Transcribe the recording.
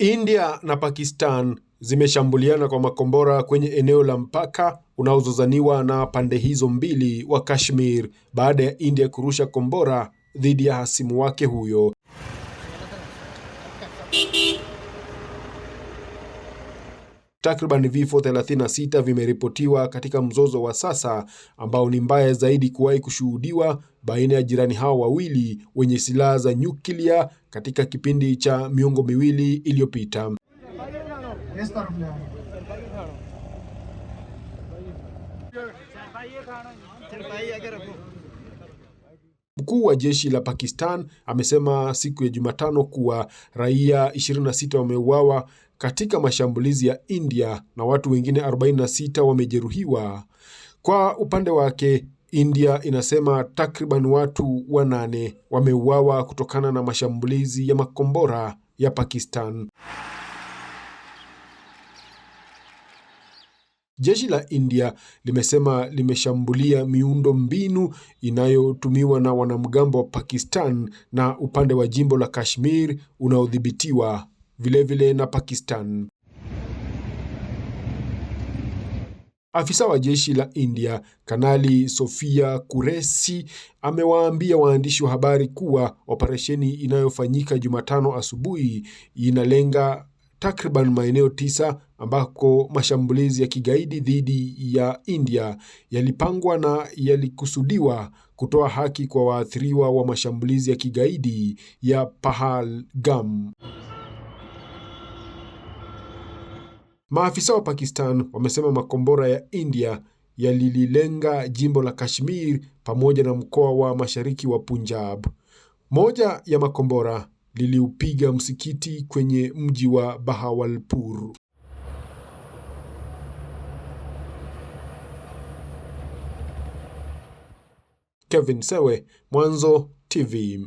India na Pakistan zimeshambuliana kwa makombora kwenye eneo la mpaka unaozozaniwa na pande hizo mbili wa Kashmir baada ya India kurusha kombora dhidi ya hasimu wake huyo. Takriban vifo 36 vimeripotiwa katika mzozo wa sasa ambao ni mbaya zaidi kuwahi kushuhudiwa baina ya jirani hao wawili wenye silaha za nyuklia katika kipindi cha miongo miwili iliyopita mkuu wa jeshi la Pakistan amesema siku ya Jumatano kuwa raia 26 wameuawa katika mashambulizi ya India na watu wengine 46 wamejeruhiwa. Kwa upande wake, India inasema takriban watu wanane wameuawa kutokana na mashambulizi ya makombora ya Pakistan. Jeshi la India limesema limeshambulia miundo mbinu inayotumiwa na wanamgambo wa Pakistan na upande wa jimbo la Kashmir unaodhibitiwa vilevile na Pakistan. Afisa wa jeshi la India Kanali Sofia Kuresi amewaambia waandishi wa habari kuwa operesheni inayofanyika Jumatano asubuhi inalenga takriban maeneo tisa ambako mashambulizi ya kigaidi dhidi ya India yalipangwa na yalikusudiwa kutoa haki kwa waathiriwa wa mashambulizi ya kigaidi ya Pahalgam. Maafisa wa Pakistan wamesema makombora ya India yalililenga jimbo la Kashmir pamoja na mkoa wa mashariki wa Punjab. Moja ya makombora liliupiga msikiti kwenye mji wa Bahawalpur. Kevin Sewe, Mwanzo TV.